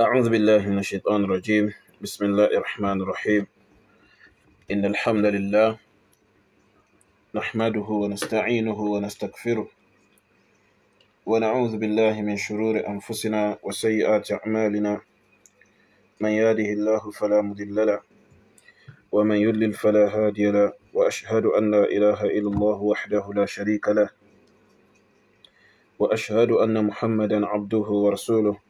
أعوذ بالله من الشيطان الرجيم بسم الله الرحمن الرحيم إن الحمد لله نحمده ونستعينه ونستغفره ونعوذ بالله من شرور أنفسنا وسيئات أعمالنا من يهده الله فلا مضل له ومن يضلل فلا هادي له وأشهد أن لا إله إلا الله وحده لا شريك له وأشهد أن محمدا عبده ورسوله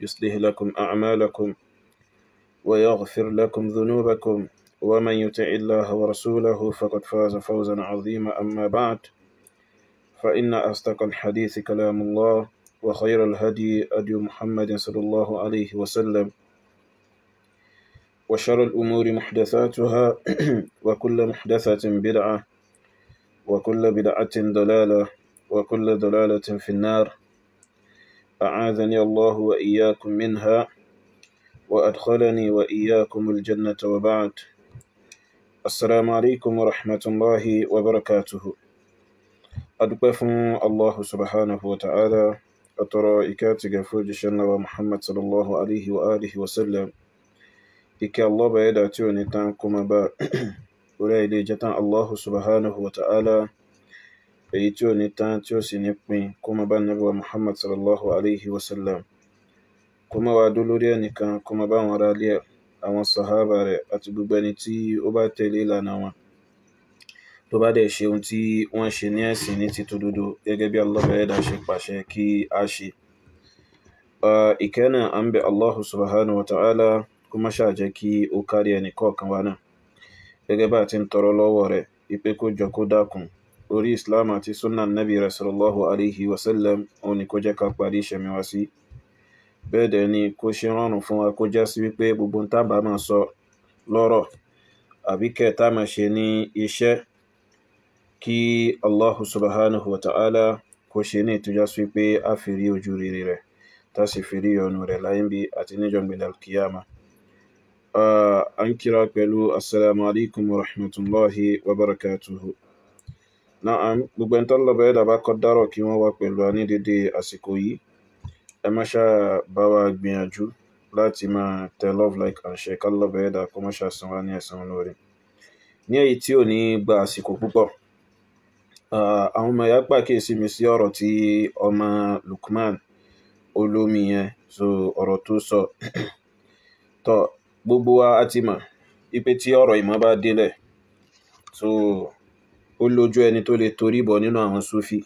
يصلح لكم أعمالكم ويغفر لكم ذنوبكم ومن يطع الله ورسوله فقد فاز فوزا عظيما أما بعد فإن أصدق الحديث كلام الله وخير الهدي أدي محمد صلى الله عليه وسلم وشر الأمور محدثاتها وكل محدثة بدعة وكل بدعة ضلالة وكل ضلالة في النار أعاذني الله وإياكم منها وأدخلني وإياكم الجنة وبعد السلام عليكم ورحمة الله وبركاته أدقف الله سبحانه وتعالى أترى إكات غفور جشنا ومحمد صلى الله عليه وآله وسلم إكا الله بيدا تيوني تانكم با ولا إلي جتان الله سبحانه وتعالى èyí tí ò ní tán tí ó sì ní pin kó má bá nàbí wa muhammad sallallahu alayhi wa sallam kó má wá dó lórí ẹnìkan kó má bá wọn ra lé àwọn sàhábà rẹ̀ àti gbogbo ẹni tí ó bá tẹ̀lé ìlànà wọn tó bá dẹ̀ ṣe ohun tí wọ́n ṣe ní ẹ̀sìn ní ti tòdodo gẹ́gẹ́ bí Allah ṣe pàṣẹ kí a ṣe ìkẹ́nà à ń bẹ Allah subhanahu wa ta'ala kó má ṣáà jẹ́ kí ó kárí ẹnì kọ̀ọ̀kan wa náà gẹ́gẹ́ bá a ń tọrọ lọ́wọ́ rẹ̀ ìpé kó dákun orí islam àti sunna nabi rasulallahu alayhi wa sallam òun ni kó jẹ́ ká parí ìṣẹ̀mí wa sí bẹ́ẹ̀ dẹ̀ ni kó ṣe rọrùn fún wa kó já sí wípé gbogbo ń tábà máa sọ lọ́rọ̀ àbí kẹta máa ṣe ní iṣẹ́ kí allahu subhanahu wa ta'ala kó ṣe ní ìtújá sí pé a fi rí ojú rere rẹ̀ tá sì fi rí ọ̀nà rẹ̀ láyé bí àti níjọ́ gbẹ̀dẹ̀ alkiyama an kira pẹ̀lú assalamu alaikum wa rahmatullahi wa barakatuhu Na'am, gbogbo ẹni tó ń lọ bẹ̀rẹ̀ dàbá kọ́ dárọ̀ kí wọ́n wá pẹ̀lú wa ní dédé àsìkò yìí. Ẹ má ṣáà bá wa gbìyànjú láti máa tẹ love like and share ká lọ bẹ̀rẹ̀ dà kó má ṣáà san wá ní ẹ̀san olóore. Ní èyí tí ò ní gba àsìkò púpọ̀, àwọn ọmọ ìyá pàkíyèsí mi sí ọ̀rọ̀ tí ọmọ Lukman olómi yẹn sọ ọ̀rọ̀ tó sọ. Tọ́ gbogbo wa a ti mọ̀ wípé tí ọ̀rọ̀ ìmọ̀ bá délẹ̀ so ó lójú ẹni tó lè torí bọ̀ nínú àwọn sufi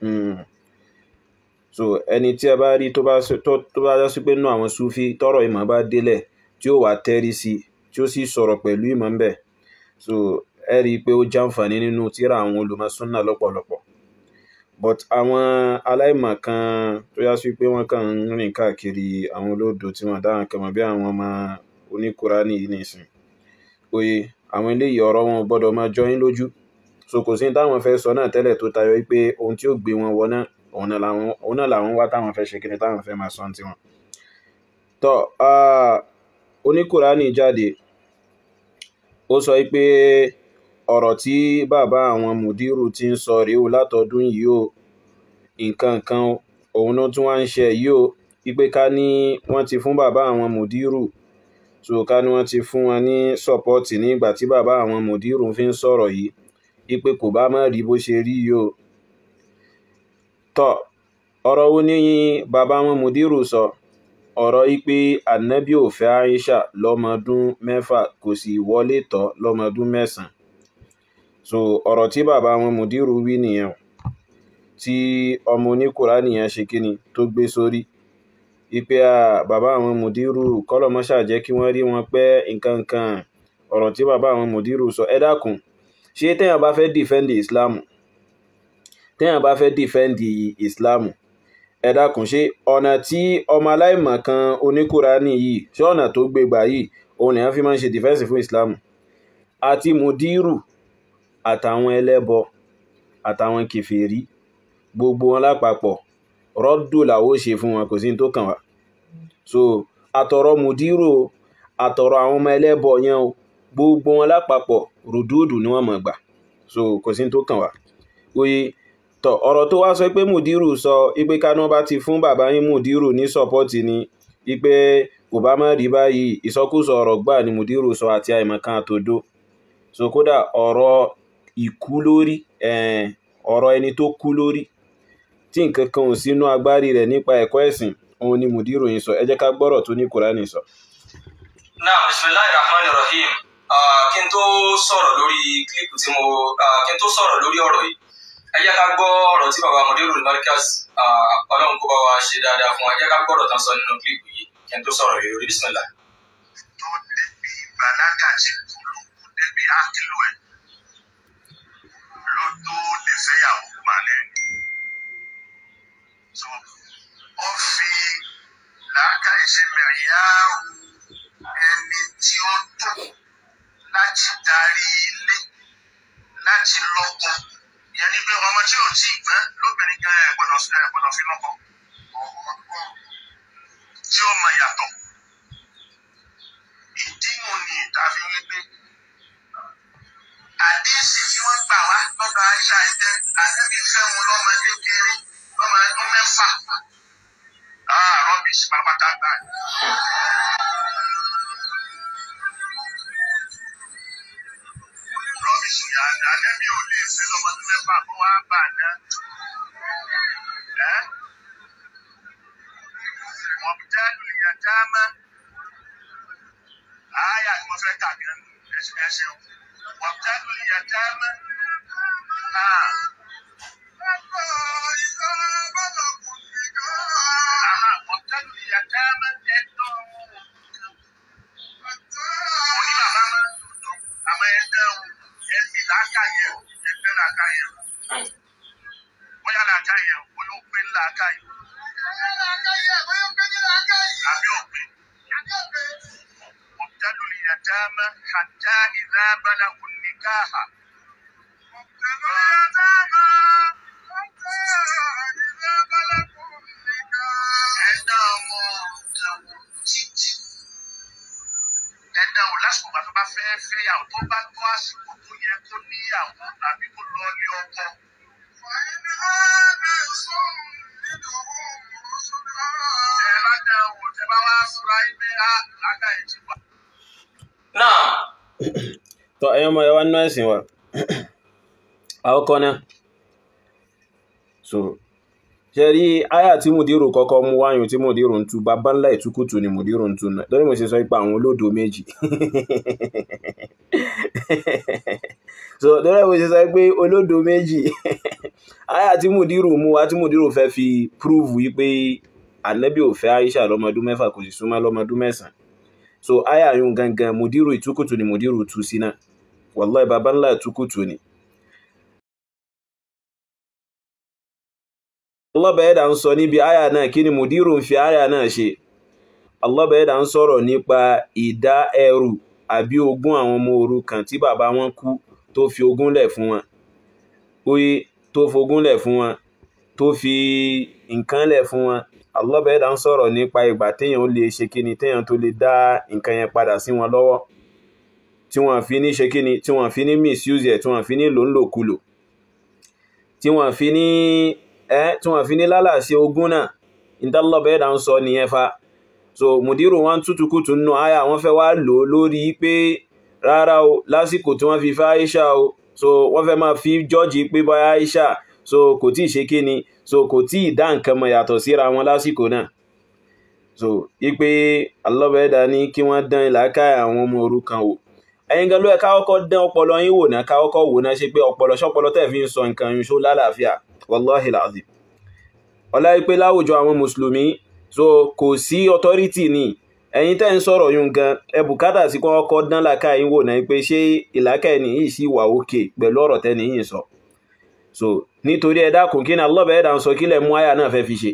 hmm. so ẹni tí a bá rí tó bá dá sí pé nínú àwọn sufi tọrọ ìmọ̀ bá délẹ̀ tí ó wà tẹ́rí sí tí ó sì sọ̀rọ̀ pẹ̀lú ìmọ̀ ń bẹ̀ so ẹ rí i pé ó jàǹfààní nínú tíra àwọn olùmọ̀súnà lọ́pọ̀lọpọ̀ but àwọn aláìmọ̀ kan tó yá sí pé wọ́n kàn ń rìn káàkiri àwọn olódò tí wọ́n dáhùn kẹmọ̀ bí àwọn ọmọ oníkùránì yìí nìsín òye àwọn eléyìí ọ̀rọ̀ wọn gbọ́dọ̀ máa jọyín lójú so kò sí táwọn fẹ́ sọ náà tẹ́lẹ̀ tó tayọ pé ohun tí ó gbé wọn wọ náà òun náà làwọn wá táwọn fẹ́ ṣe kí ni táwọn fẹ́ máa sọ ní tiwọn. tọ́ oníkùránì jáde ó sọ pé ọ̀rọ̀ tí bàbá àwọn mùdírù ti ń sọ rèé o látọdún yìí o nǹkan kan òun ló tún wá ń ṣe yìí o ipe ká ní wọ́n ti fún bàbá àwọn mùdírù so ká ní wọ́n ti fún wọn ní sọ́pọ́ọ̀tì ní ìgbà tí bàbá àwọn mùdírù fi ń sọ̀rọ̀ yìí ipe kò bá má rí bó ṣe rí yìí o tọ́ ọ̀rọ̀ wo ni bàbá wọn mudiru sọ ọ̀rọ̀ ipe ànábì ò fẹ́ Aisha lọ́mọdún mẹ́fà kò sì wọlé tọ́ lọ́mọdún mẹ́sàn-án so ọ̀rọ̀ tí bàbá wọn mudiru wí nìyẹn tí ọmọ oníkùrá nìyẹn ṣe kíni tó gbé sórí ipe a bàbá àwọn mùdírù kọlọmọṣà jẹ́ kí wọ́n rí wọn pé nǹkan kan ọ̀rọ̀ tí bàbá àwọn mùdírù sọ ẹ dákun ṣé téèyàn bá fẹ́ dìfẹ́ǹdì islam téèyàn bá fẹ́ dìfẹ́ǹdì islam ẹ dákun ṣe ọ̀nà tí ọmọ aláìmọ̀ kan oníkùránì yìí ṣé ọ̀nà tó gbé gbà yìí òun lèèyàn fi máa ń ṣe dìfẹ́ǹsì fún islam àti mudiru àtàwọn ẹlẹ́bọ àtàwọn kèfèrí gbogbo wọn lápapọ̀ rọ́dù làwọ́ ṣe fún wọn kò sí tó kàn wá so àtọ̀rọ̀ mudiru àtọ̀rọ̀ àwọn ọmọ ẹlẹ́bọ yẹn o gbogbo wọn lápapọ̀ ròdúòdù ni wọ́n mọ̀ gbà so kò sí tó kàn wá oye tọ ọ̀rọ̀ tó wá sọ pé mùdírù sọ ipe kánú bá ti fún bàbá yín mùdírù ní sọ́pọ́tì ni ipe kò bá má rí báyìí ìsọkúsọ ọ̀rọ̀ gbà ni mùdírù sọ àti àìmọ̀kan àtòdó so kódà ọ̀rọ̀ ìkú lórí eh, ọ̀rọ̀ ẹni tó kú lórí tí nǹkan kan ò sínú agbárí rẹ̀ nípa ẹ̀kọ́ ẹ̀sìn òun ni mùdírù yìí sọ ẹ jẹ́ ká gbọ́rọ̀ tó ní kùránì sọ. náà bismillahir rahmanir rahim kí n tó sọ̀rọ̀ lórí kílípù tí mo kí n tó sọ̀rọ̀ lórí ọ̀rọ̀ yìí ẹ jẹ́ ká gbọ́ ọ̀rọ̀ tí baba Mudirul Markaz ọlọ́run kó bá wa ṣe dáadáa fún wa ẹ jẹ́ ká gbọ́ ọ̀rọ̀ tán sọ nínú kílípù yìí kí n tó sọ̀rọ̀ yìí lórí bisimilá. tó débi ìbàlágà tí kúlùkù débi ákìlù ẹ tí o tí ì pẹ́ lóbìnrin gan ẹ̀ gbọ́dọ̀ ẹ̀ gbọ́dọ̀ fi lọ́kọ tí ó mọ yàtọ̀ ìdí mu ni tàbí wípé àdéhùn tí wọ́n gbà wá lọ́dọ̀ àṣà ìjẹ́ àdébí fẹ́ mu lọ́mọ kékeré lọ́mọ ẹdún mẹ́fà bí ṣe bàbá dàgbà. ò lè fẹ́ lọ́mọ mẹ́fà wá bà náà ẹ́ wọ́n dáàmà ààyè àti mo fẹ́ kà gan ẹsẹ̀ wọ́n bí dáàlú dáàmà àà bóyá làákà yẹ bóyá ó pé làákà yẹ. bóyá làákà yẹ bóyá ó pé làákà yẹ. àbí òpè. àbí òpè. ọ̀bùdálù ni yàtàmà hatta idha balagun nikaha. ọ̀bùdálù ni yàtàmà hatta idha balagun nikaha. ẹ̀dá ọmọ ìyàwó títí. ẹ̀dá ò lásìkò bàtọ́ bá fẹ́ fẹ́ yàwó tó bá tó àsìkò. tó níyàwó tàbí kó lọ ilé tọ wa àkọ́kọ́ náà so ṣe rí àyà tí mùdírù kọ́kọ́ mú wáyùn tí mùdírù ń tu bàbá ńlá ìtukùtù ni lórí mo ṣe sọ ipa àwọn olódò méjì so lórí ẹ̀ mo ṣe sọ pé olódo méjì àyà tí mùdírù mú wa tí mùdírù fẹ́ fi prove wípé ànábì ò fẹ́ Aisha lọ́mọdún mẹ́fà kò sì súnmọ́ lọ́mọdún mẹ́sàn-án so àyà yun gangan mùdírù ìtúkùtù ni mùdírù tú sí náà wàláì bàbá ńlá ìtúkùtù ni. Allah ẹ̀dà ń sọ níbi àyà náà kí ni mùdírù ń fi àyà náà ṣe Allah ẹ̀dà ń sọ̀rọ̀ nípa ìdá ẹrù àbí ogún àwọn ọmọ òrukàn tí bàbá wọn kú tó fi ogún lẹ̀ fún wọn oye tó fogún lẹ̀ fún wọn tó fi nǹkan lẹ̀ fún wọn Allah bẹ̀rẹ̀ ń sọ̀rọ̀ nípa ìgbà téèyàn ó lè ṣe kíni téèyàn tó lè dá nǹkan yẹn padà sí wọn lọ́wọ́ tí wọ́n fi ní ṣe kíni tí wọ́n fi ní misuse ẹ̀ tí wọ́n fi ní lòńlòkulò tí wọ́n fi ní ẹ́ tí wọ́n fi ní lálàṣe ogún náà Allah bẹ̀rẹ̀ ń sọ nìyẹn fa so mùdírù wọn tútù kùtù nù àyà wọn fẹ́ wá lò lórí pé rárá o lásìkò tí wọ́n fi fa Aisha o so wọ́n fẹ́ máa fi jọ́ọ̀jì pé báyà Aisha so kò tí ì ṣe kí so kò tí ì dá nǹkan mọ̀ yàtọ̀ síra wọn lásìkò náà so ipe alọ́bẹ̀ẹ́dá ní kí wọ́n dán ìlàkàyà àwọn ọmọ òrukàn wò ẹ̀yin gan ló yẹ ká kọ́kọ́ dán ọpọlọ yín wò náà ká kọ́kọ́ wò náà ṣe pé ọpọlọ ṣọpọlọ tẹ̀ fi ń sọ nǹkan yín lálàáfíà wallahi lazim ọlá ipe láwùjọ àwọn mùsùlùmí so kò sí ọtọ́rítì ni ẹ̀yin tẹ́ ń sọ̀rọ̀ yún gan ẹ bùkátà sí làkà yín wò wọ́n kọ́ dán làákà yín wò náà pé ṣé ìlàkà ẹni yìí sì wà òkè pẹ̀lú ọ̀rọ̀ tẹ́ni yìí sọ so nítorí ẹ dákun kí ni Allah bẹ̀ẹ́dà ń sọ kílẹ̀ mú àyà náà fẹ́ fi ṣe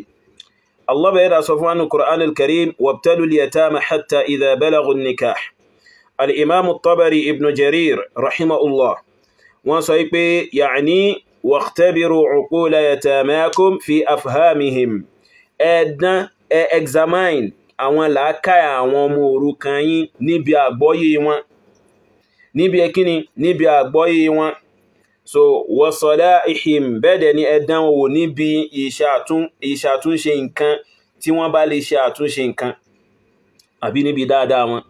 Allah da sọ fún wánú Qur'an al-Karim wabtalu al-yatama hatta idha balagu nikah al-imam at-Tabari ibn Jarir rahimahullah wọ́n sọ pé ya'ni waqtabiru uqula yatamakum fi afhamihim ẹ̀ẹ́dán ẹ̀ àwọn làákàyà àwọn ọmọ òrukàn yín níbi àgbọ́yé wọn níbi ẹkíni níbi àgbọ́yé wọn so wọ́sọ̀lá ihim bẹ́ẹ̀dẹ̀ ni ẹ̀dán wò níbi ìṣàtúnṣe nǹkan tí wọ́n bá lè ṣe àtúnṣe nǹkan àbí níbi dáadáa wọn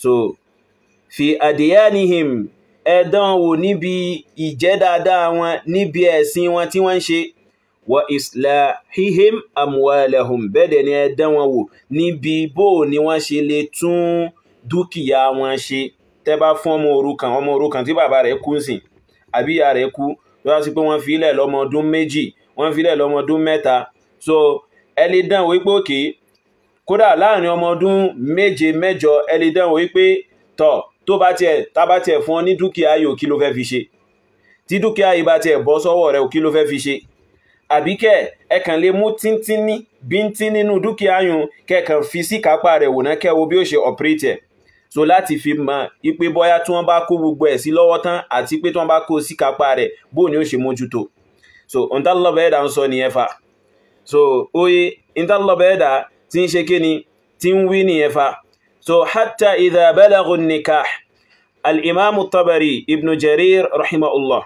so fi àdìyánihim ẹ̀dán wò níbi ìjẹ́ dáadáa wọn níbi ẹ̀sìn wọn tí wọ́n ń ṣe wa islahihim amwalahum bẹ́ẹ̀dẹ̀ ni ẹ dán wọn wò níbi bó ni wọ́n ṣe lè tún dúkìá wọn ṣe tẹ́ bá fún ọmọ òrukàn ọmọ òrukàn tí bàbá rẹ̀ kú sìn àbí ìyá rẹ̀ kú tó wá sí pé wọ́n filẹ̀ lọ́mọ ọdún méjì wọ́n filẹ̀ lọ́mọ ọdún mẹ́ta so ẹ lè dán wò pé òkè kódà láàrin ọmọ ọdún méje mẹ́jọ ẹ lè dán wò pé tọ̀ tó bá tiẹ̀ tá bá tiẹ̀ fún ọ ní dúkìá yìí ò kí ló fẹ́ fi ṣe tí dúkìá yìí bá tiẹ̀ bọ́ sọ́wọ́ rẹ̀ ò ló fẹ́ fi ṣe àbíkẹ́ ẹ kàn lè mú tíntínní bíntín nínú dúkìá yun kẹkàn fi síkápá rẹ̀ wò náà kẹwo bí ó ṣe ọ̀pẹ́rẹ́tì ẹ̀ so láti fi mọ ipe bóyá tí wọ́n bá kó gbogbo ẹ̀ sí lọ́wọ́ tán àti pé tí wọ́n bá kó síkápá rẹ̀ bó ni ó ṣe mójútó so ntàlọ́bẹ̀ ẹ̀dá ń sọ nìyẹn fa so oye ntàlọ́bẹ̀ ẹ̀dá tí ń ṣe kíni tí ń wí nìyẹn fa so hatta idha balagun nikah al-imam tabari ibn jarir rahimahullah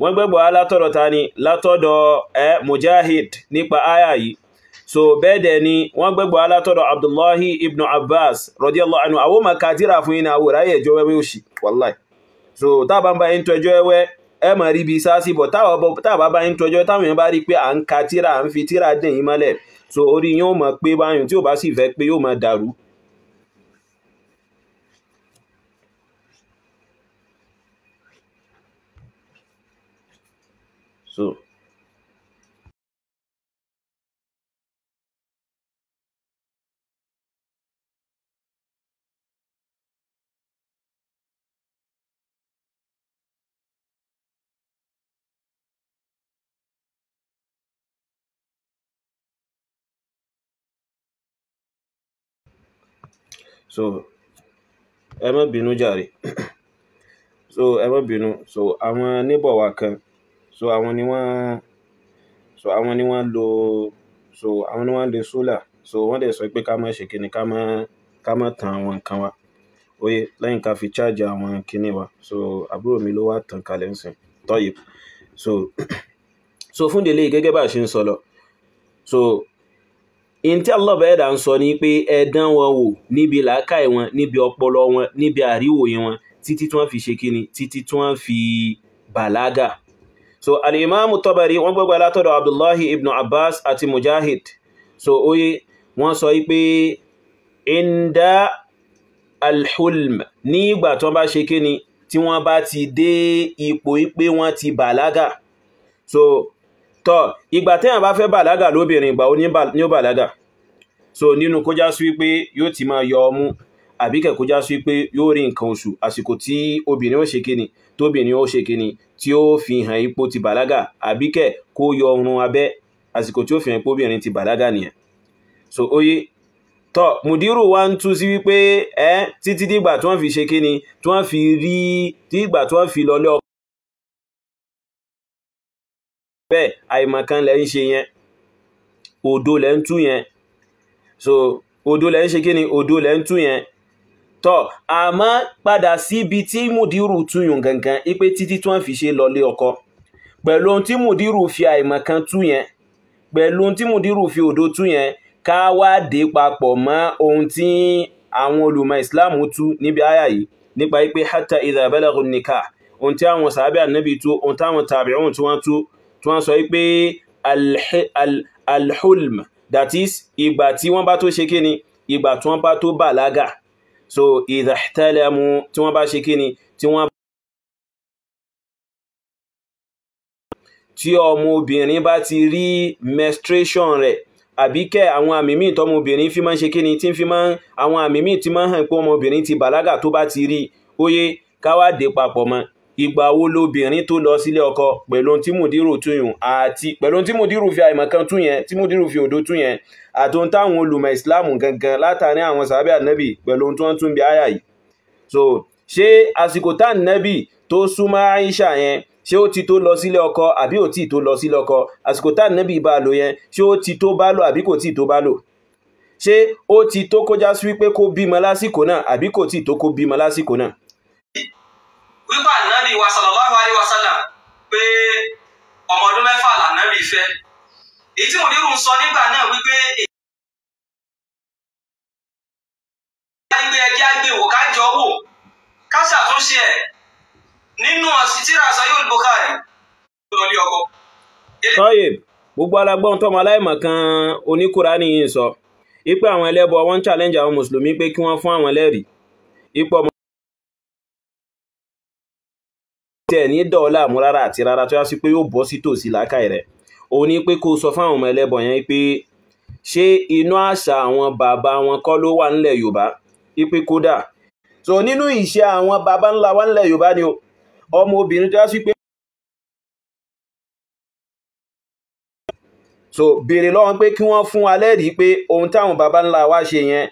wọ́n gbẹ́gbọ́ alátọ̀dọ̀ ta ni látọ̀dọ̀ ẹ mujahid nípa aya yìí so bẹ́ẹ̀ dẹ̀ ni wọ́n gbẹ́gbọ́ alátọ̀dọ̀ abdullahi ibn abbas radiyallahu anhu àwọn ọmọ kàdíra fún iná àwòrán ayé ẹjọ́ wẹ́wẹ́ òsì wallahi so tábà bá yín tọjọ́ ẹwẹ́ ẹ mọ̀ rí ibi sáàsì bọ̀ tábà bá yín tọjọ́ táwọn èèyàn bá rí pé à ń ka tíra à ń fi tíra dẹ̀ mọ́lẹ̀ so orí yóò mọ̀ pé báyìí tí ò bá sì fẹ́ pé yóò mọ̀ dàrú so so ẹ má so ẹ binu so àwọn níbọ̀ wa kan so àwọn ni wọ́n so àwọn ni wọ́n lo so àwọn ni wọ́n lo solar so wọ́n dẹ̀ sọ pé ká má ṣe kíni ká má ká má tan àwọn nǹkan wa oye lẹ́yìn ká fi charge àwọn kíní wa so àbúrò mi ló wá tàn kalẹ̀ ń sìn tọ́yì so so fún délé gẹ́gẹ́ bá a ṣe ń sọ lọ so in tí Allah bẹ́ẹ̀ dà ń sọ ni pé ẹ dán wọn wò níbi làákàyè wọn níbi ọpọlọ wọn níbi àríwòye wọn títí tí wọ́n fi ṣe kíni títí tí wọ́n fi bàlágà so alìmáàmù tọ́bàrí wọ́n gbọ́gbà látọ̀dọ̀ abdullahi ibn abbas àti mujahid so oye wọ́n sọ wípé inda alhulm ní ìgbà tó bá ṣe kíni tí wọ́n bá ti dé ipò ipé wọ́n ti bàlágà so tọ́ ìgbà tẹ́yàn bá fẹ́ bàlágà lóbìnrin ìgbà ní bàlágà so nínú kó já sí wípé yóò ti máa yọ ọmú àbíkẹ̀ kó já sí wípé yóò rí nǹkan oṣù àsìkò tí obìnrin ó ṣe kíni tóbìnrin ó ṣe kíni tí ó fi hàn ipò ti bàlágà àbí kẹ̀ kó yọ ọrùn abẹ́ àsìkò tí ó fi hàn ipò obìnrin ti bàlágà nìyẹn so oye tọ mùdírù wa ń tú sí wípé ẹ títí dìgbà tí wọ́n fi ṣe kíni tí wọ́n fi rí dìgbà tí wọ́n fi lọlé ọkọ bẹ́ẹ̀ àìmọ̀kan lẹ ń ṣe yẹn odo lẹ ń tú yẹn so odo lẹ ń ṣe kíni odo lẹ ń tú yẹn tọ́ àmọ́ padà síbi tí mùdírù túyùn gangan ipe títí tí wọ́n fi ṣe lọlé ọkọ pẹ̀lú ohun tí mùdírù fi àìmọ̀ kan tú yẹn pẹ̀lú ohun tí mùdírù fi òdo tú yẹn ká wá dé papọ̀ mọ́ ohun tí àwọn olùmọ̀ islam tú níbi àyà yìí nípa ipe hatta idha balaghu nikah ohun tí àwọn sàábì ànábì tú ohun táwọn tàbíùn tí wọ́n tú tí wọ́n sọ pé alhulm that is ìgbà tí wọ́n bá tó ṣe kíni ìgbà tí wọ́n bá tó bàlágà so idha ihtalamu tí wọ́n bá ṣe kí ni tí wọ́n tí ọmọ obìnrin bá ti rí menstruation rẹ̀ àbí kẹ́ àwọn àmì míì tọmọ obìnrin fi máa ń ṣe kí ni tí ń fi máa ń àwọn àmì míì ti máa ń hàn pé ọmọ obìnrin ti bàlágà tó bá ti rí ó yẹ dé papọ̀ mọ́ ìgbà wo lobìnrin tó lọ sílé ọkọ pẹ̀lú tí mùdírù tún yùn àti pẹ̀lú tí mùdírù fi àìmọ̀ kan tún yẹn tí mùdírù fi òdo tún yẹn àtòun táwọn olùmọ̀ ìsìláàmù gangan látàrí àwọn sàbẹ̀ ànábì pẹ̀lú tí wọ́n tún bí àyà yìí so ṣé àsìkò tá ànábì tó súnmọ́ Aisha yẹn ṣé ó ti tó lọ sílé ọkọ àbí ò tí tó lọ sílé ọkọ àsìkò tá ànábì bá lò yẹn ṣé ó ti tó bá lò àbí kò tí tó bá lò ṣé ó ti tó kó sí wípé kó bímọ lásìkò náà àbí kò tí tó kó bímọ lásìkò náà wípé ànábì wa sallallahu alaihi wasallam pé ọmọ ọdún mẹ́fà lànábì fẹ́ èyí tí mòdìrú ń sọ nígbà náà wípé ẹgbẹ́ ẹjẹ́ àgbèwò kájọ wò ká ṣàtúnṣe ẹ̀ nínú ọ̀sìtìrà Sahih Bukhari lórí ọkọ. sọyè gbogbo alágbọ́n tọ́mọ aláìmọ̀ kan oníkùránì yìí sọ ipe àwọn ẹlẹ́bọ wọn ń challenge àwọn mùsùlùmí pé kí wọ́n fún àwọn lẹ́rìí ipò ọmọ. tẹ̀ ní dọ́ọ̀lá mú rárá àti rárá tó yá sí pé yóò bọ́ sí tòsí làákàyè rẹ̀ òun ni pé kó sọ fáwọn ọmọ ẹlẹ́bọ yẹn pé ṣé inú àṣà àwọn bàbá wọn kọ́ ló wà nílẹ̀ yorùbá ipe kódà so nínú ìṣe àwọn bàbá ńlá wa nílẹ̀ yorùbá ni ọmọ obìnrin tó yá sí pé so béèrè lọ́wọ́ pé kí wọ́n fún wa lẹ́rìí pé ohun táwọn bàbá ńlá wa ṣe yẹn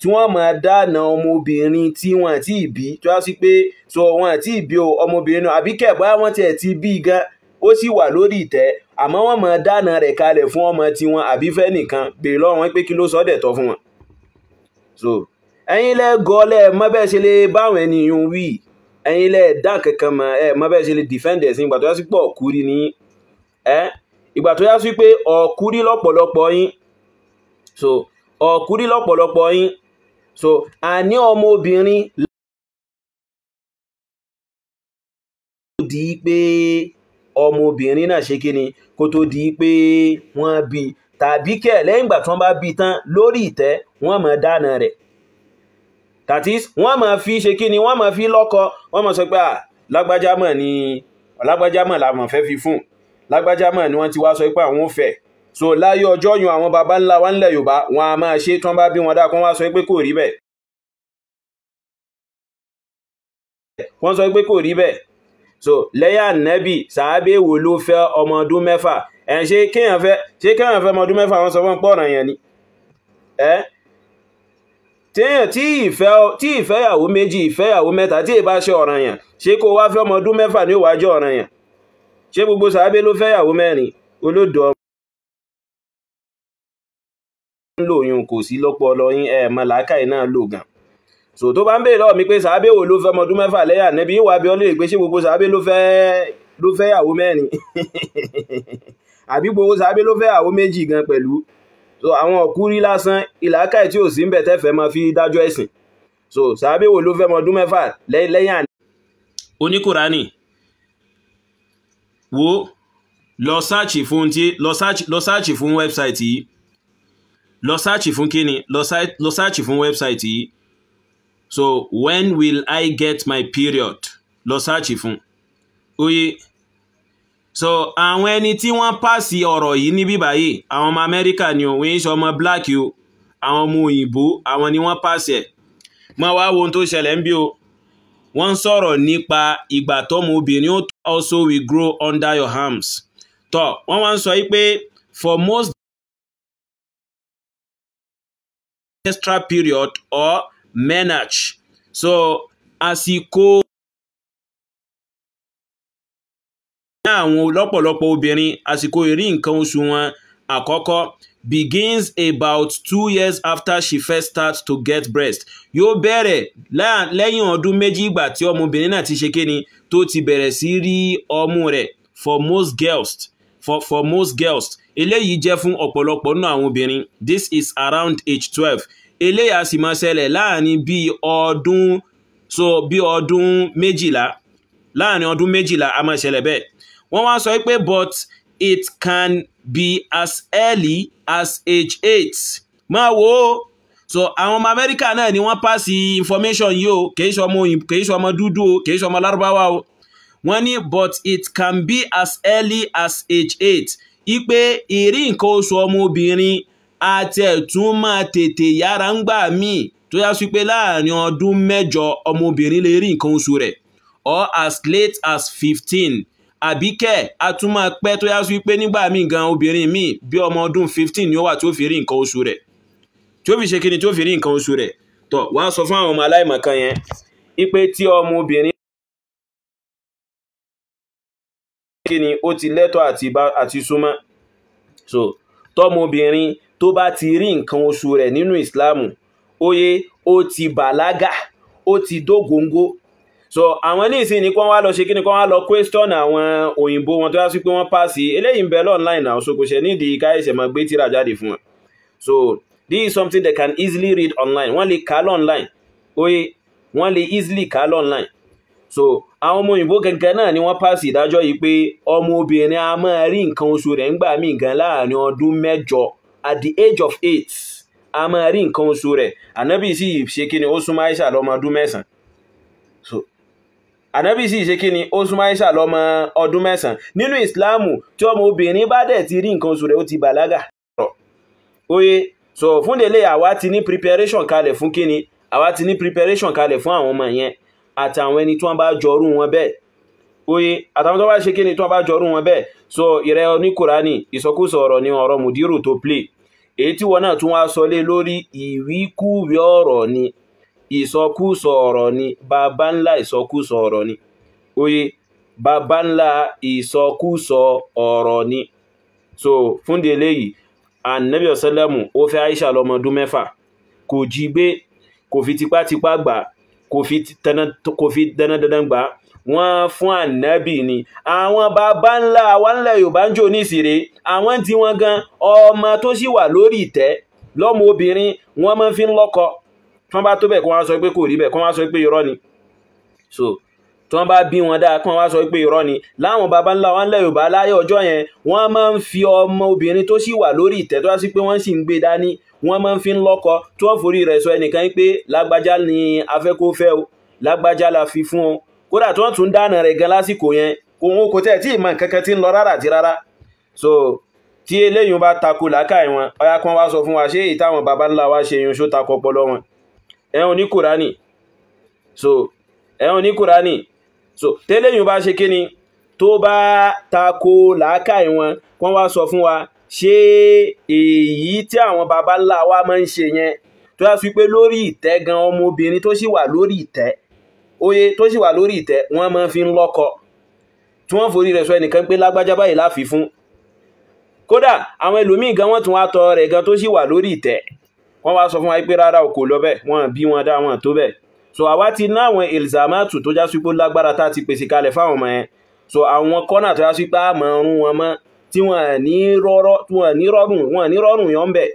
tí wọ́n máa dáná ọmọbìnrin tí wọ́n ti bí tó wá sí pé so wọ́n ti bí o ọmọbìnrin náà àbí kẹ̀ bóyá wọ́n tiẹ̀ ti bí gan ó sì wà lórí ìtẹ́ àmọ́ wọ́n máa dáná rẹ̀ kalẹ̀ fún ọmọ tiwọn àbí fẹ́ nìkan bèrè lọ́wọ́ wọn pé kí ló sọ dẹ̀ tọ́ fún wọn. so ẹ̀yin lẹ gọlẹ̀ mọ́bẹ̀ ṣe lè báwọn ènìyàn wí ẹ̀yin lẹ dá kankan mọ́ ẹ̀ mọ́bẹ̀ ṣe lè defend ẹ̀sìn ìgbà tó yá sí pé ọ̀kúrí ní ẹ́ ìgbà tó yá sí pé ọ̀kúrí lọ́pọ̀lọpọ̀ yín so ọ̀kúrí yín so àní ọmọ obìnrin kó tó di pé ọmọ obìnrin náà ṣe kí ni kó tó di pé wọ́n bí tàbí kẹ̀ lẹ́yìn ìgbà tí wọ́n bá bí tán lórí ìtẹ́ wọ́n máa dáná rẹ̀ that is wọ́n máa fi ṣe kí ni wọ́n máa fi lọ́kọ wọ́n máa sọ pé à ni lágbájá làwọn fẹ́ fi fún lágbájá ni wọ́n ti wá sọ pé àwọn ò fẹ́ so láyé ọjọ́ yun àwọn baba ńlá wa ńlẹ̀ yorùbá wọn a máa ṣe tán bá bí wọn dá kán wá sọ pé kò rí bẹ́ẹ̀ wọ́n sọ pé kò rí bẹ́ẹ̀ so lẹ́yà nẹ́bì sàábé wo ló fẹ́ ọmọ ọdún mẹ́fà ẹ̀ ṣe kéèyàn fẹ́ ṣe kéèyàn fẹ́ ọmọ ọdún mẹ́fà wọ́n sọ fún pọ̀ràn yẹn ni téèyàn tí ìfẹ́yàwó méjì ìfẹ́yàwó mẹ́ta tí ì bá ṣe ọ̀ràn yẹn ṣé kó wá fẹ́ ọmọ ọdún mẹ́fà ní ìwájú ọ̀ràn yẹn ṣé gbogbo sàábé ló fẹ́yàwó mẹ́rin olódò ń lò yun kò sí lọ́pọlọ yín ẹ̀ mọ làákàyè náà lò gan so tó bá ń bèèrè lọ́wọ́ mi pé sàábé wo ló fẹ́ ọmọdún mẹ́fà lẹ́yìn ànẹ́bí ìwà abẹ́ ọlọ́yè pé ṣé gbogbo sàábé ló fẹ́ ló fẹ́ yàwó mẹ́rin àbí gbogbo sàábé ló fẹ́ yàwó méjì gan pẹ̀lú so àwọn ọ̀kúrí lásán ìlàákàyè tí ò sí ń bẹ̀ tẹ́fẹ̀ẹ́ máa fi dájọ́ ẹ̀sìn so sàábé ló fẹ́ ọmọdún mẹ́fà lẹ́yìn oníkùránì wo lọ sáàchì fún ti lọ sáàchì fún wẹ́bsáìtì yìí lọ sáàchì fún kíni lọ sáàchì fún wẹ́bsáìtì yìí so when will I get my period lọ sáàchì fún oye so àwọn ẹni tí wọ́n pàṣì ọ̀rọ̀ yìí níbí báyìí àwọn ọmọ Amẹ́ríkà ni ò wọ́n ọmọ black o àwọn ọmọ òyìnbó àwọn ni wọ́n pàṣẹ mọ wá wo ohun tó ṣẹlẹ̀ ń bí o wọ́n ń sọ̀rọ̀ nípa ìgbà tọ́mọ obìnrin also we grow under your arms tọ́ wọ́n wá ń sọ yí pé for most menstrual period or menarche. So as àsìkò ní àwọn lọ́pọ̀lọpọ̀ obìnrin àsìkò ìrí nǹkan oṣù wọn àkọ́kọ́ begins about two years after she first starts to get breast yóò bẹ̀rẹ̀ lẹ́yìn ọdún méjì ìgbà tí ọmọbìnrin náà ti ṣe kíni tó ti bẹ̀rẹ̀ sí rí ọmú rẹ̀ for most girls for for most girls eléyìí jẹ́ fún ọ̀pọ̀lọpọ̀ nínú àwọn obìnrin this is around age twelve eléyìí a sì máa ṣẹlẹ̀ láàrin bí ọdún so bí ọdún méjìlá láàrin ọdún méjìlá a máa ṣẹlẹ̀ bẹ́ẹ̀ wọ́n wá sọ pé but it can be as early as age eight máa wò ó so àwọn ọmọ amẹ́ríkà náà ni wọ́n pàṣẹ information yìí o kì í ṣe ọmọ dúdú o kì í ṣe ọmọ lárúbáwá o wọ́n ní but it can be as early as age eight ipe ìrí nǹkan oṣù ọmọbìnrin àti ẹ̀tún máa tètè yára ń gbà míì tó yá sí pé láàrin ọdún mẹ́jọ ọmọbìnrin lè rí nǹkan oṣù rẹ̀ or as late as fifteen àbíkẹ́ a tún máa pẹ́ tó yá sí pé nígbà míì gan obìnrin míì bí ọmọ ọdún fifteen ni ó wà tí ó fi rí nǹkan oṣù rẹ̀ tí ó fi ṣe kí ni tí ó fi rí nǹkan oṣù rẹ̀ tó wá sọ fún àwọn ọmọ aláìmọ̀kan yẹn ipe tí ọmọ kíni ó ti lẹ́tọ̀ àti súnmọ́ so tọmọbìnrin tó bá ti rí nǹkan oṣù rẹ̀ nínú ìsìláàmù oye ó ti bàlágà ó ti dógóńgó so àwọn ní ìsìn ní kí wọ́n wá lọ ṣe kí ni kí wọ́n wá lọ question àwọn òyìnbó wọn tó yá sí pé wọ́n pàṣẹ eléyìí ń bẹ online náà so kò ṣe nídìí ká máa gbé tíra jáde fún wọn so this is something they can easily read online wọ́n lè kà á online oye wọ́n lè easily kà á online so àwọn ọmọ òyìnbó gangan náà ni wọ́n pàṣẹ ìdájọ́ yìí pé ọmọ obìnrin a máa rí nǹkan oṣù rẹ̀ ńgbà míì gan láàrin ọdún mẹ́jọ at the age of eight a máa rí nǹkan oṣù rẹ̀ ànábì sì ṣe kí ni ó súnmọ́ àìsà lọ́mọ ọdún mẹ́sàn-án so ànábì sì ṣe kí ni ó súnmọ́ àìsà lọ́mọ ọdún mẹ́sàn-án nínú ìsìláàmù tí ọmọ obìnrin bá dẹ̀ ti rí nǹkan oṣù rẹ̀ ó ti bàlágà oye so fúndélé àwa ti ní preparation kalẹ̀ fún kí ni àwa ti ní preparation kalẹ̀ fún àwọn ọmọ yẹn àtàwọn ẹni tí wọ́n bá jọrú wọn bẹ́ẹ̀ oye àtàwọn tó bá ṣe kí ni tí wọ́n bá jọrú wọn bẹ́ẹ̀ so ìrẹ́ oníkùránì ìsọkúsọ ọ̀rọ̀ ni ọ̀rọ̀ mùdírù tó play èyí tí wọ́n náà tún wá sọ lé lórí ìwíkúwí ọ̀rọ̀ ni ìsọkúsọ ọ̀rọ̀ ni bàbá ńlá ìsọkúsọ ọ̀rọ̀ ni oye bàbá ńlá ìsọkúsọ ọ̀rọ̀ ni so fúndì eléyìí ànábì ọ̀sẹ́lẹ̀mù ó fẹ́ Aisha lọ́mọdún mẹ́fà kò jí gbé kò fi tipátipá gbà kò fi dáná dandan gbà wọ́n fún ànábì ni àwọn bàbá ńlá wa ńlẹ̀ yorùbá ń jò ní ìsìrè àwọn tí wọ́n gan ọmọ tó sì wà lórí ìtẹ́ lọ́mọ obìnrin wọ́n máa fi ń lọ́kọ tí wọ́n bá tó bẹ̀ kí wọ́n sọ pé kò rí bẹ̀ kí wọ́n sọ pé irọ́ ni so tí wọ́n bá bí wọn dáa kí wọ́n wá sọ pé irọ́ ni láwọn baba ńlá wa ńlẹ̀ yorùbá láyé ọjọ́ yẹn wọ́n máa ń fi ọmọ obìnrin tó sì wà lórí ìtẹ́ tó wá sí pé wọ́n sì ń gbé dání wọ́n máa ń fi ń lọ́kọ tí wọ́n forí rẹ̀ sọ ẹnìkan pé lágbájá ni afẹ́kófẹ́ o lágbájá la fi fún o kódà tí wọ́n tún dáná rẹ̀ gan lásìkò yẹn òun kò tẹ̀ tí ìmọ̀ kankan ti ń lọ rárá àti rárá so tí eléyìí bá tako làákàyè wọn ọyá kan wá sọ fún wa ṣé ìtàwọn baba ńlá wa ṣe yun ṣó ọpọlọ wọn ẹ̀hún ní kùránì so ẹ̀hún ní kùránì so tẹ́lẹ̀yìn bá ṣe kíni tó bá tako làákàyè wọn kí wá sọ fún wa ṣe èyí tí àwọn baba wa máa ń ṣe yẹn tó yà sí pé lórí ìtẹ́ gan ọmọbìnrin tó sì wà lórí ìtẹ́ oyè tó sì wà lórí ìtẹ́ wọ́n máa fi ń lọ́kọ tí wọ́n forí rẹ̀ sọ ẹnìkan pé lágbájá báyìí láfi kódà àwọn ẹlòmíì gan wọ́n tún wá tọ rẹ̀ gan tó sì wà lórí ìtẹ́ wọ́n wá sọ fún wa pé rárá o kò lọ bẹ́ẹ̀ wọ́n bí wọn dá wọn tó bẹ́ẹ̀ so àwa ti ná àwọn elzamatu tó já sí pé lágbára tá a ti pèsè kalẹ̀ fáwọn ọmọ yẹn so àwọn kọ́nà tó já sí pé àmọ́ ọrùn wọn mọ́ tí wọ́n ní rọ́rọ́ wọ́n ní rọ́rùn wọ́n ní rọ́rùn yọ̀ ń bẹ̀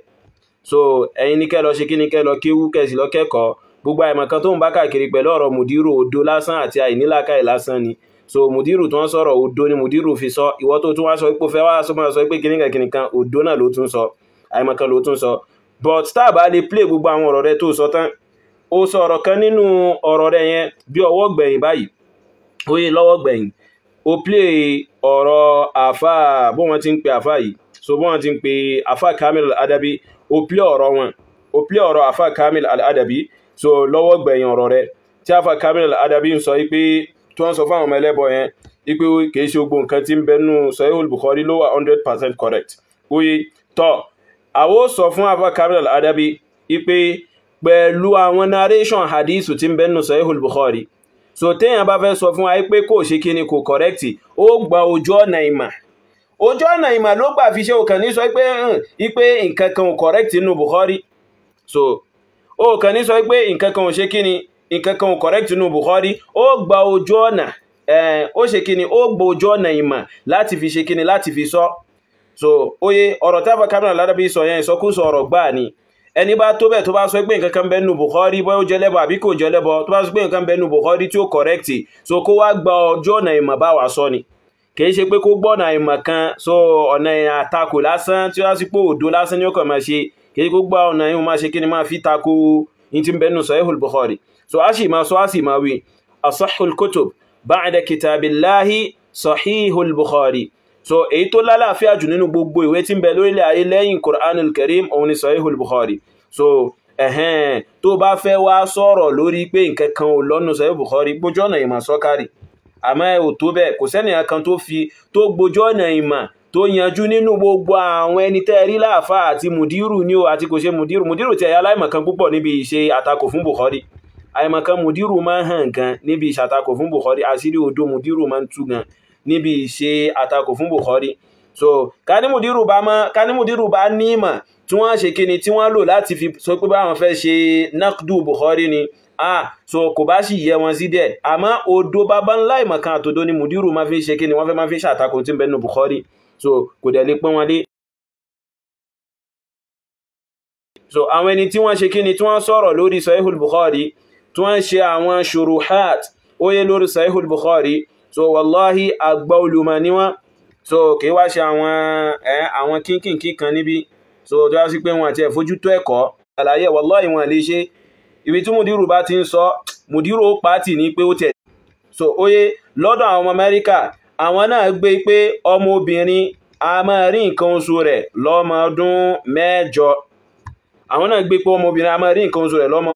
so ẹ̀yin ní kẹ́ lọ ṣe kí ni kẹ́ lọ kéwú kẹ́sì lọ kẹ́kọ̀ọ́ gbogbo àìmọ̀kan tó ń bá káàkiri pẹ̀lú ọ̀rọ̀ mùdírù odo lásán àti àìnílàkàì lásán ni so mùdírù tó ń sọ̀rọ̀ odo ni mùdírù fi sọ ìwọ tó tún wá sọ pé fẹ́ wá sọ máa sọ pé kìnìkan kìnìkan odo náà ló tún sọ àìmọ̀kan ló tún sọ but tá a bá lè play gbogbo àwọn ọ̀rọ̀ rẹ tó sọ tán ó sọ ọ̀rọ̀ kan nínú ọ̀rọ̀ rẹ yẹn bí ọwọ́ gbẹ̀yìn báyìí ó yẹ lọ́wọ́ gbẹ̀yìn ó play ọ̀rọ̀ àfà bó wọn ti ń pe àfà yìí so bó wọn ti ń pe àfà kamil adabi ó pílẹ̀ ọ̀rọ̀ wọn ó ọ̀rọ̀ àfà kamil adabi so lọ́wọ́ gbẹ̀yìn ọ̀rọ̀ rẹ̀ tí àfà kamil al-adabi ń sọ pé tí wọ́n sọ fáwọn ọmọ ẹlẹ́bọ yẹn ipe kìí ṣe gbogbo nǹkan tí ń bẹnu sahihul bukhari ló wà hundred percent correct oye tọ́ àwo sọ fún àfà kamil al-adabi ipe pẹ̀lú àwọn narration hadith tí ń bẹnu sahihul bukhari so téèyàn bá fẹ́ sọ fún wa pé kò ṣe kí ni kò kọ̀rẹ́kìtì ó gba ojú ọ̀nà ìmọ̀ ojú ọ̀nà ìmọ̀ ló gbà fi ṣe òkàn ní sọ pé ipe nǹkan kan ò kọ̀rẹ́kìtì nù Bukhari so òkàn ní sọ pé nǹkan kan ò ṣe kí ni nǹkan kan ò kọ̀rẹ́kìtì nù Bukhari ó gba ojú ọ̀nà eh, ó ṣe kí ni ó gba ojú ọ̀nà ìmọ̀ láti fi ṣe kí ni láti fi sọ so oye ọ̀rọ̀ tábà kámẹ́rà lárábí sọ yẹn ìsọkúsọ ọ̀rọ̀ gbáà ni ẹni bá tó bẹ̀ tó bá sọ pé nǹkan kan bẹ́ẹ̀ nù Bukhari bóyá ó jẹlẹ́bọ àbí kò jẹlẹ́bọ tó bá sọ pé nǹkan bẹ́ẹ̀ nù Bukhari tí ó kọ̀rẹ́kìtì so kó wá gba ọjọ́ ọ̀nà ìmọ̀ bá wà sọ ni kì í ṣe pé kó gbọ́nà ìmọ̀ kan so ọ̀nà àtakò lásán tí wọ́n á sì pé òdo lásán ni ó kàn máa ṣe kì í kó gbọ́ ọ̀nà ìhun máa ṣe kí ni máa fi tako ní ti bẹ́ẹ̀ nù Sahihul Bukhari so a sì máa sọ a sì máa wí asahul kutub ba'da so èyí tó lálàáfíà jù nínú gbogbo ìwé tí ń bẹ lórílẹ̀ ayé lẹ́yìn Qur'anul Karim òun ni Sahihul Bukhari so ẹ̀hẹ́n tó bá fẹ́ wá sọ̀rọ̀ lórí pé nǹkan kan ò lọ́nu Sahihul Bukhari gbójú ọ̀nà ìmọ̀ sọ́kárì àmọ́ ẹ ò tó bẹ́ẹ̀ kò sẹ́nìyàn kan tó fi tó gbójú ọ̀nà ìmọ̀ tó yanjú nínú gbogbo àwọn ẹni tẹ́ rí láàfà àti mùdírù ní o àti kò ṣe mùdírù mùdírù ti ẹ̀yà aláìmọ̀kan púpọ̀ níbi ìṣe àtakò fún Bukhari àìmọ̀kan mùdírù máa ń hàn gan níbi ìṣàtakò fún Bukhari àṣírí odò mùdírù máa ń tú gan níbi ìṣe àtakò fún Bukhari so kánímùdírù bá mọ́ kánímùdírù bá ní ìmọ̀ tí wọ́n ṣe kíni tí wọ́n lò láti fi sọ pé báwọn fẹ́ ṣe nakdu Bukhari ni ah so kò bá sì yẹ wọn sí díẹ̀ àmọ́ odo bàbá ńlá ìmọ̀kan àtòdo ni mùdírù máa fi ṣe kíni wọ́n fẹ́ máa fi ṣàtakò tí ń bẹ Bukhari so kò dẹ̀ lè pọ́n wọn lé so àwọn ẹni tí wọ́n ṣe kíni tí wọ́n sọ̀rọ̀ lórí Sahihul Bukhari tí wọ́n ṣe àwọn shuruhat ó yẹ lórí Sahihul Bukhari so wàláhì àgbà olùmọ̀ ni wọ́n so kì í wá ṣe àwọn ẹ àwọn kínkìnkín kan níbi so tó yá sí pé wọn àti ẹ̀ fojú tó ẹ̀kọ́ àlàyé wàláhì wọn lè ṣe ibi tí mùdírù bá ti ń sọ mùdírù ó pàtì ní pé ó tẹ̀ so oye lọ́dọ̀ àwọn ọmọ amẹ́ríkà àwọn náà gbé pé ọmọ obìnrin a máa rí nǹkan oṣù rẹ̀ lọ́mọ ọdún mẹ́jọ àwọn náà gbé pé ọmọ obìnrin a máa rí nǹkan oṣù rẹ̀ lọ́mọ